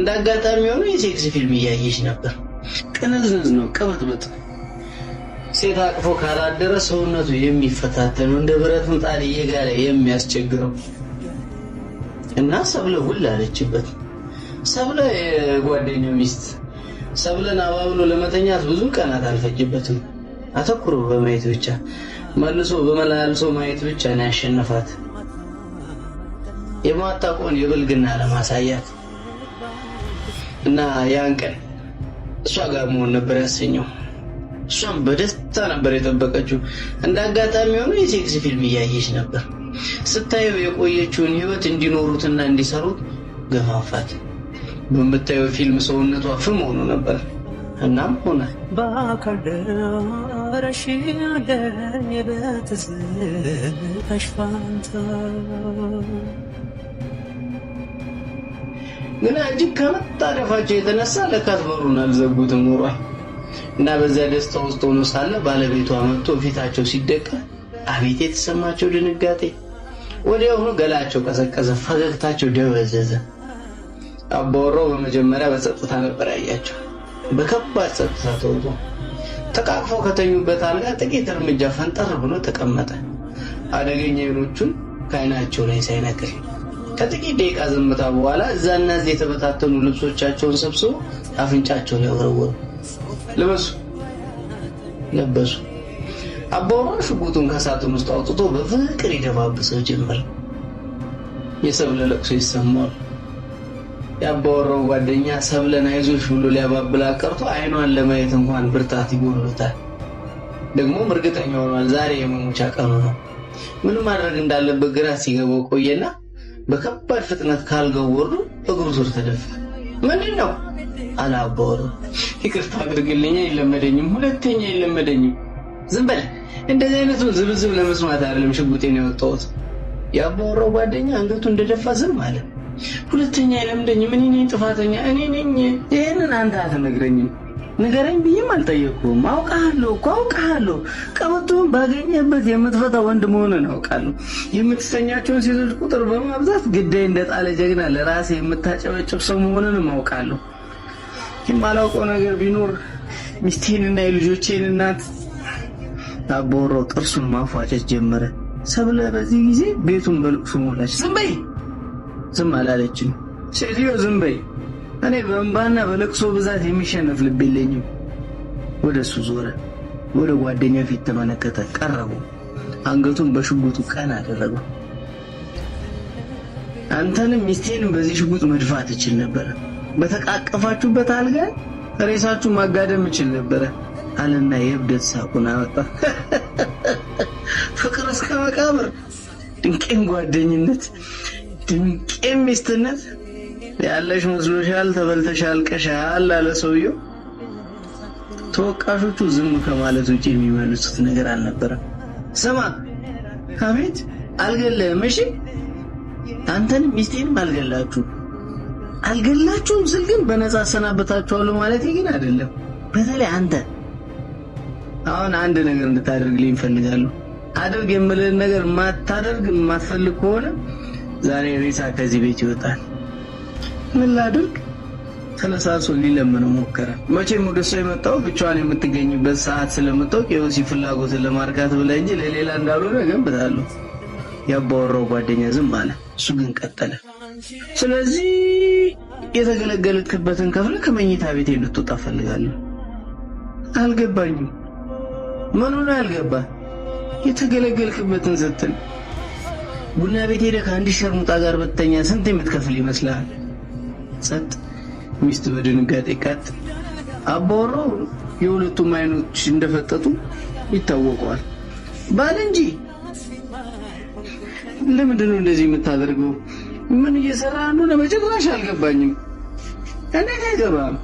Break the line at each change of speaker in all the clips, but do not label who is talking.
እንደ አጋጣሚ ሆኖ የሴክስ ፊልም እያየች ነበር።
ቅንዝንዝ ነው፣ ቅብጥብጥ
ሴት አቅፎ ካላደረ ሰውነቱ የሚፈታተነው እንደ ብረት ምጣድ እየጋለ የሚያስቸግረው እና ሰብለ ውል አለችበት። ሰብለ የጓደኛው ሚስት ሰብለን አባብሎ ለመተኛት ብዙ ቀናት አልፈጅበትም። አተኩሮ በማየት ብቻ መልሶ በመላልሶ ማየት ብቻ ነው ያሸነፋት የማታውቀውን የብልግና ለማሳያት እና ያን ቀን እሷ ጋር መሆን ነበር ያሰኘው። እሷም በደስታ ነበር የጠበቀችው። እንደ አጋጣሚ ሆኖ የሴክስ ፊልም እያየች ነበር። ስታየው የቆየችውን ህይወት እንዲኖሩትና እንዲሰሩት ገፋፋት። በምታየው ፊልም ሰውነቷ ፍም ሆኖ ነበር። እናም ሆነ በአካል ደረሽ ተሽፋንታ ግን እጅግ ከመጣደፋቸው የተነሳ ለካት በሩን አልዘጉትም ኖሯል እና በዚያ ደስታ ውስጥ ሆኖ ሳለ ባለቤቷ መጥቶ ፊታቸው ሲደቃ አቤት የተሰማቸው ድንጋጤ! ወዲያውኑ ገላቸው ቀዘቀዘ፣ ፈገግታቸው ደበዘዘ። አባወራው በመጀመሪያ በጸጥታ ነበር ያያቸው። በከባድ ጸጥታ ተውጦ ተቃቅፎ ከተኙበት አልጋ ጥቂት እርምጃ ፈንጠር ብሎ ተቀመጠ። አደገኛ ዓይኖቹን ከዓይናቸው ላይ ሳይነቅል ከጥቂት ደቂቃ ዝምታ በኋላ እዛና እዚህ የተበታተኑ ልብሶቻቸውን ሰብስቦ አፍንጫቸውን ያወረወሩ። ልበሱ ለበሱ። አባወራ ሽጉጡን ከሳጥን ውስጥ አውጥቶ በፍቅር ይደባብሰው ጀመር። የሰብለ ለቅሶ ይሰማል። የአባወራው ጓደኛ ሰብለን አይዞሽ ብሎ ሊያባብላ ቀርቶ አይኗን ለማየት እንኳን ብርታት ይጎሉታል። ደግሞም እርግጠኛ ሆኗል ዛሬ የመሞቻ ቀኑ ነው። ምን ማድረግ እንዳለበት ግራ ሲገባው ቆየና በከባድ ፍጥነት ካልገወሩ ወርዶ እግሩ ስር ተደፋ። ምንድን ነው አላቦር? ይቅርታ አድርግልኝ፣ የለመደኝም ሁለተኛ ይለመደኝም ዝም በል እንደዚህ አይነቱን ዝብዝብ ለመስማት አይደለም ሽጉጤን ያወጣሁት። የአባወራው ጓደኛ አንገቱ እንደደፋ ዝም አለ። ሁለተኛ የለመደኝም እኔ ነኝ ጥፋተኛ፣ እኔ ነኝ። ይህንን አንተ አትነግረኝም። ንገረኝ ብዬም አልጠየቁም አውቃለሁ እኮ አውቃለሁ። ቀበቶውን ባገኘበት የምትፈታ ወንድ መሆንን አውቃለሁ። የምትሰኛቸውን ሴቶች ቁጥር በማብዛት ግዳይ እንደጣለ ጀግና ለራሴ የምታጨበጭብ ሰው መሆንንም አውቃለሁ። የማላውቀው ነገር ቢኖር ሚስቴንና የልጆቼን እናት ታቦረው ጥርሱን ማፏጨት ጀመረ። ሰብለ በዚህ ጊዜ ቤቱን በልቅሱ ሞላች። ዝም በይ ዝም አላለችም ሴትዮ፣ ዝም በይ እኔ በእንባና በለቅሶ ብዛት የሚሸነፍ ልብ የለኝም። ወደ እሱ ዞረ። ወደ ጓደኛው ፊት ተመለከተ። ቀረቡ። አንገቱን በሽጉጡ ቀን አደረገው። አንተንም ሚስቴንም በዚህ ሽጉጥ መድፋት እችል ነበረ። በተቃቀፋችሁበት አልጋ ሬሳችሁ ማጋደም እችል ነበረ አለና የእብደት ሳቁን አወጣ። ፍቅር እስከ መቃብር፣ ድንቄም ጓደኝነት፣ ድንቄም ሚስትነት ያለሽ መስሎሻል፣ ተበልተሻል፣ ቀሻል አለ ሰውየው። ተወቃሾቹ ዝም ከማለት ውጭ የሚመልሱት ነገር አልነበረም። ስማ፣ አቤት። አልገለህም። እሺ፣ አንተንም ሚስቴንም አልገላችሁ አልገላችሁም ስል ግን በነጻ አሰናበታችኋለሁ ማለት ግን አይደለም። በተለይ አንተ አሁን አንድ ነገር እንድታደርግልኝ እፈልጋለሁ። አድርግ የምልህን ነገር ማታደርግ የማትፈልግ ከሆነ ዛሬ ሬሳ ከዚህ ቤት ይወጣል። ምን ላድርግ? ተነሳሶ ሊለምን ሞከረ። መቼም ወደ እሷ የመጣው ብቻዋን የምትገኝበት ሰዓት ስለምታውቅ የወሲ ፍላጎትን ለማርካት ብላ እንጂ ለሌላ እንዳልሆነ ገምታለሁ። ያባወራው ጓደኛ ዝም አለ። እሱ ግን ቀጠለ። ስለዚህ የተገለገልክበትን ከፍለ ከመኝታ ቤት ልትወጣ ፈልጋለሁ። አልገባኝም። ምኑን አልገባ? የተገለገልክበትን ስትል ቡና ቤት ሄደህ ከአንድ ሸርሙጣ ጋር በተኛ ስንት የምትከፍል ይመስልሃል? ጸጥ፣ ሚስት በድንጋጤ ቀጥ። አባወራው የሁለቱም አይኖች እንደፈጠጡ ይታወቀዋል። ባል እንጂ ለምንድን ነው እንደዚህ የምታደርገው? ምን እየሰራ እንደሆነ በጭራሽ አልገባኝም። እኔ አይገባም?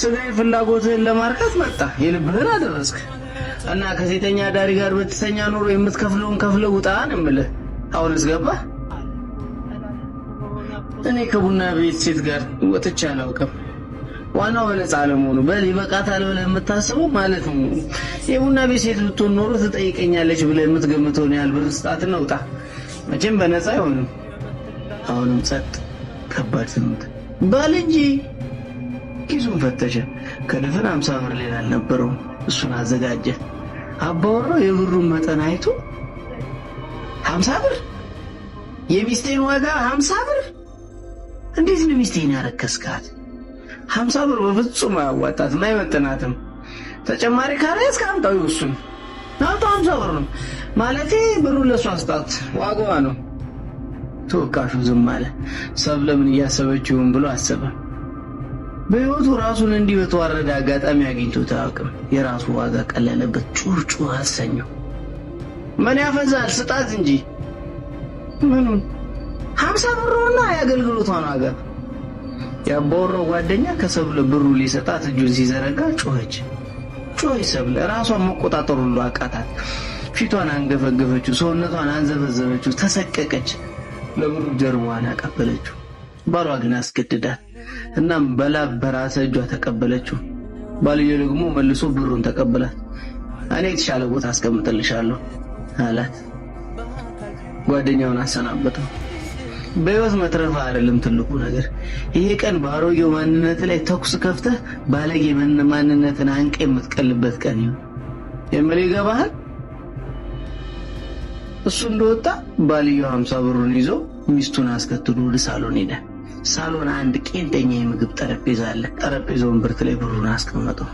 ስጋዊ ፍላጎትህን ለማርካት መጣ፣ የልብህን አደረስክ እና ከሴተኛ ዳሪ ጋር በተሰኛ ኑሮ የምትከፍለውን ከፍለው ውጣ ነው የምልህ። አሁንስ ገባህ? እኔ ከቡና ቤት ሴት ጋር ወጥቼ አላውቅም። ዋናው በነፃ አለመሆኑ በል ይበቃታል ብለህ የምታስበው ማለት ነው። የቡና ቤት ሴት ብትሆን ኖሮ ትጠይቀኛለች ብለህ የምትገምተውን ያህል ብር ስጣትና ውጣ። መቼም በነፃ አይሆንም። አሁንም ጸጥ። ከባድ ስምት በል እንጂ። ኪሱን ፈተሸ። ከድፍን አምሳ ብር ሌላ አልነበረውም። እሱን አዘጋጀ። አባወራው የብሩን መጠን አይቶ ሀምሳ ብር የሚስቴን ዋጋ ሀምሳ ብር እንዴት ነው ሚስቴን ያረከስካት? ሀምሳ ብር በፍጹም አያዋጣትም አይመጥናትም። ተጨማሪ ካለ እስከ አምጣው ይወሱን ናምጣ። ሀምሳ ብር ነው ማለቴ ብሩ ለእሷ ስጣት፣ ዋጋዋ ነው። ተወቃሹ ዝም አለ። ሰብ ለምን እያሰበች ብሎ አሰበ። በሕይወቱ ራሱን እንዲህ በተዋረደ አጋጣሚ አግኝቶት አያውቅም። የራሱ ዋጋ ቀለለበት። ጩህጩህ አሰኘው። ምን ያፈዛል? ስጣት እንጂ ምኑን ሀምሳ ብር ሆና የአገልግሎት ዋጋ ያባወራው ጓደኛ ከሰብለ ብሩ ሊሰጣት እጁን ሲዘረጋ ጮኸች። ጮኸች ሰብለ ራሷን መቆጣጠር ሁሉ አቃታት። ፊቷን አንገፈገፈችው፣ ሰውነቷን አንዘበዘበችው፣ ተሰቀቀች። ለብሩ ጀርባዋን አቀበለችው። ባሏ ግን አስገድዳት። እናም በላ በራሰ እጇ ተቀበለችው። ባልዮ ደግሞ መልሶ ብሩን ተቀበላት። እኔ የተሻለ ቦታ አስቀምጥልሻለሁ አላት። ጓደኛውን አሰናበተው። በህይወት መትረፍ አይደለም ትልቁ ነገር። ይሄ ቀን በአሮጌው ማንነት ላይ ተኩስ ከፍተህ ባለጌ ማንነትን አንቀ የምትቀልበት ቀን ይሁን። የምል ይገባሃል? እሱ እንደወጣ ባልየው ሀምሳ ብሩን ይዞ ሚስቱን አስከትሎ ወደ ሳሎን ሄደ። ሳሎን አንድ ቄንጠኛ የምግብ ጠረጴዛ አለ። ጠረጴዛው ወንበርት ላይ ብሩን አስቀመጠው።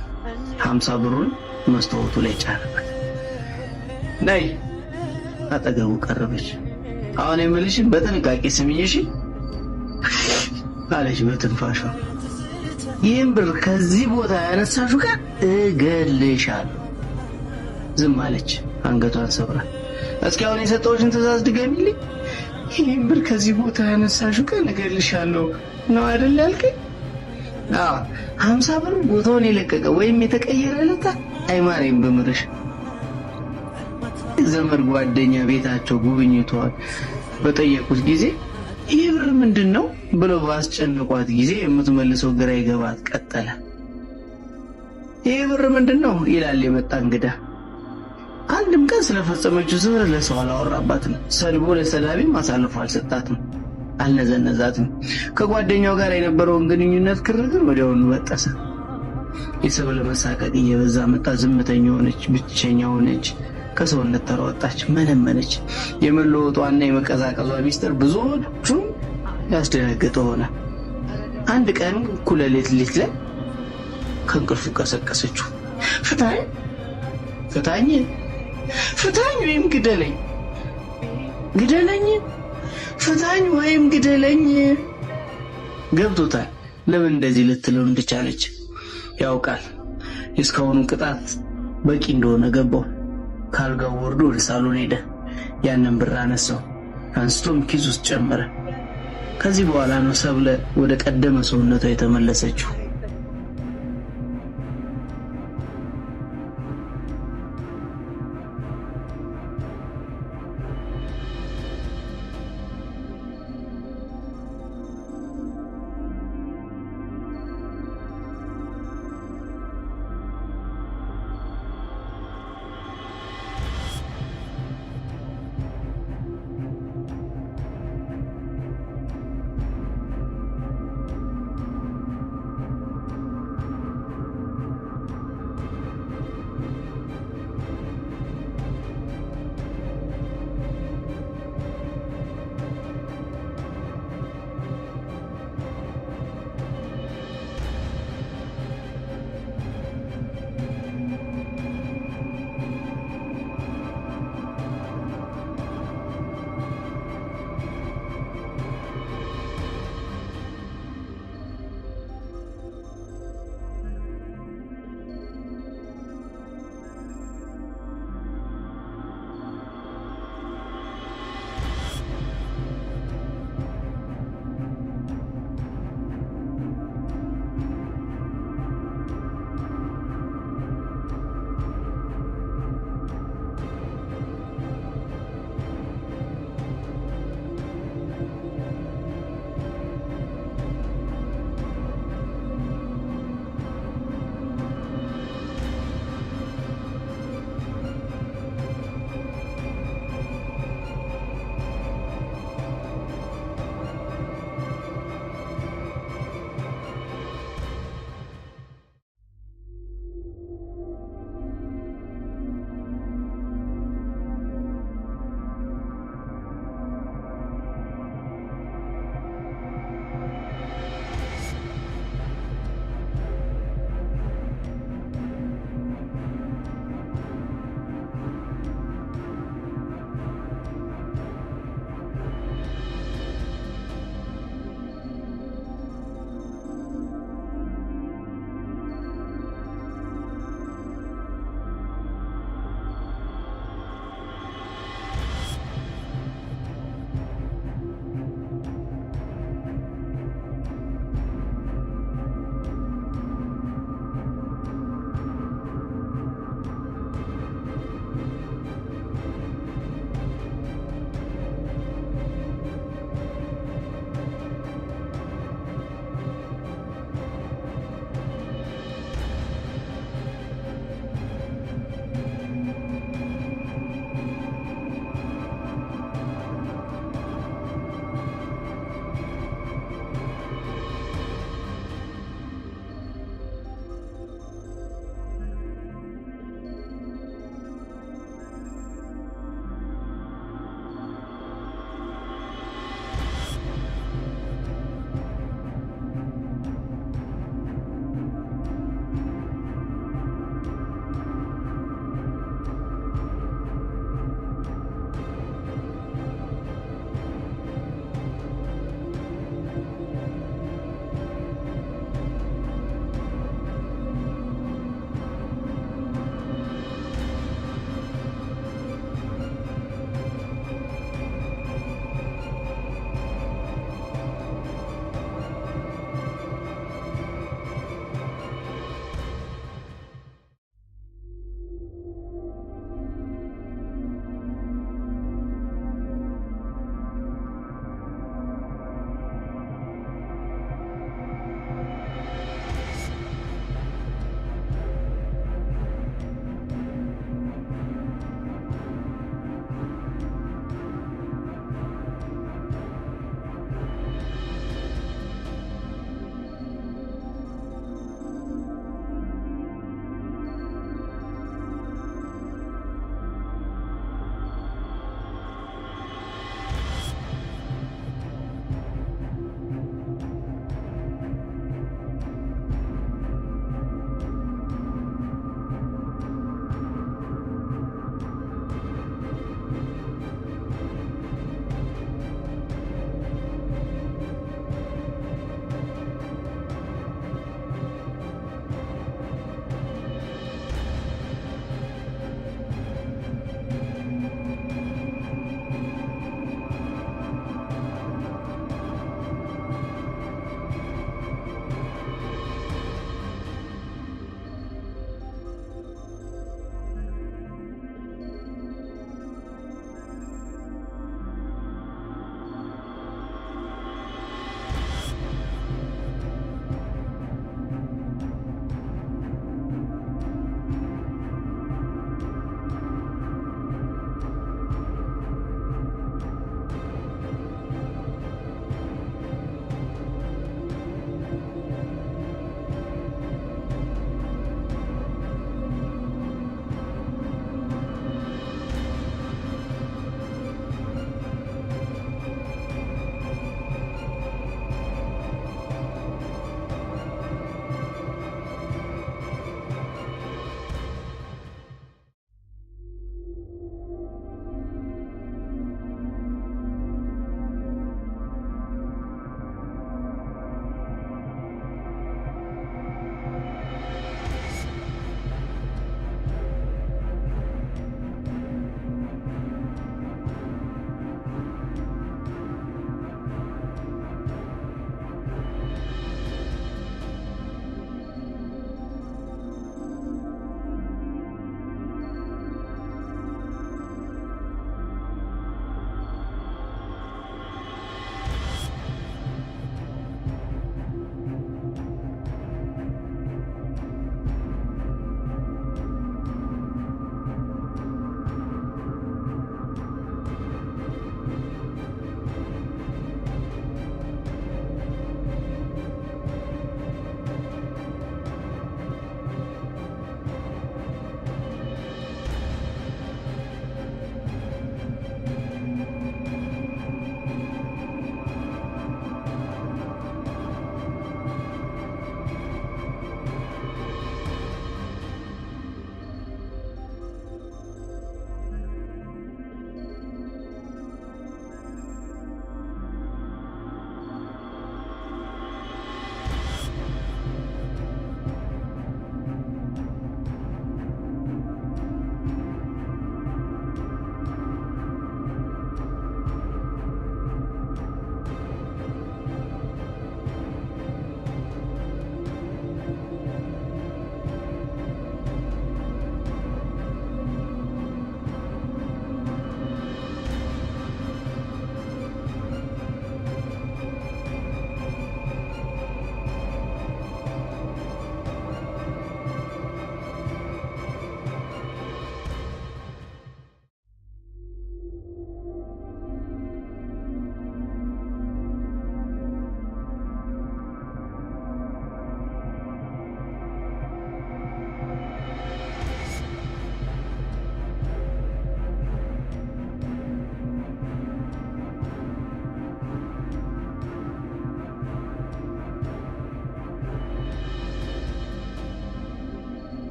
ሀምሳ ብሩን መስታወቱ ላይ ጫነበት። ነይ አጠገቡ ቀረበች። አሁን የምልሽን በጥንቃቄ ስምኝሽ አለች በትንፋሿ። ይህም ብር ከዚህ ቦታ ያነሳሹ ጋር እገልሻለሁ። ዝም አለች አንገቷን ሰብራ። እስኪ አሁን የሰጠዎችን ትዕዛዝ ድገሚልኝ። ይህም ብር ከዚህ ቦታ ያነሳሹ ጋር እገልሻለሁ ነው አይደል ያልከኝ? ሀምሳ ብር ቦታውን የለቀቀ ወይም የተቀየረ ለታ አይማሬም በምርሽ ትልቅ ዘመድ ጓደኛ ቤታቸው ጉብኝቷል በጠየቁት ጊዜ ይህ ብር ምንድን ነው ብለው ባስጨንቋት ጊዜ የምትመልሰው ግራ ይገባት ቀጠለ። ይህ ብር ምንድን ነው ይላል የመጣ እንግዳ። አንድም ቀን ስለፈጸመችው ስህተት ለሰው አላወራባትም። ሰልቦ ለሰላቢም አሳልፎ አልሰጣትም፣ አልነዘነዛትም። ከጓደኛው ጋር የነበረውን ግንኙነት ክርክር ወዲያውኑ በጠሰ። የሰው ለመሳቀቅ እየበዛ መጣ። ዝምተኛ ሆነች፣ ብቸኛ ሆነች። ከሰውነት ተሯጣች፣ መነመነች። የመለወጧና የመቀዛቀዟ ሚስጥር ብዙዎቹም ያስደነገጠ ሆነ። አንድ ቀን እኩለ ሌት ላይ ከእንቅልፉ ቀሰቀሰችው። ፍታኝ ፍታኝ ፍታኝ ወይም ግደለኝ ግደለኝ ፍታኝ ወይም ግደለኝ። ገብቶታል ለምን እንደዚህ ልትለው እንደቻለች ያውቃል። የእስካሁኑ ቅጣት በቂ እንደሆነ ገባው። ካልጋው ወርዶ ወደ ሳሎን ሄደ። ያንን ብር አነሳው። አንስቶም ኪስ ውስጥ ጨመረ። ከዚህ በኋላ ነው ሰብለ ወደ ቀደመ ሰውነቷ የተመለሰችው።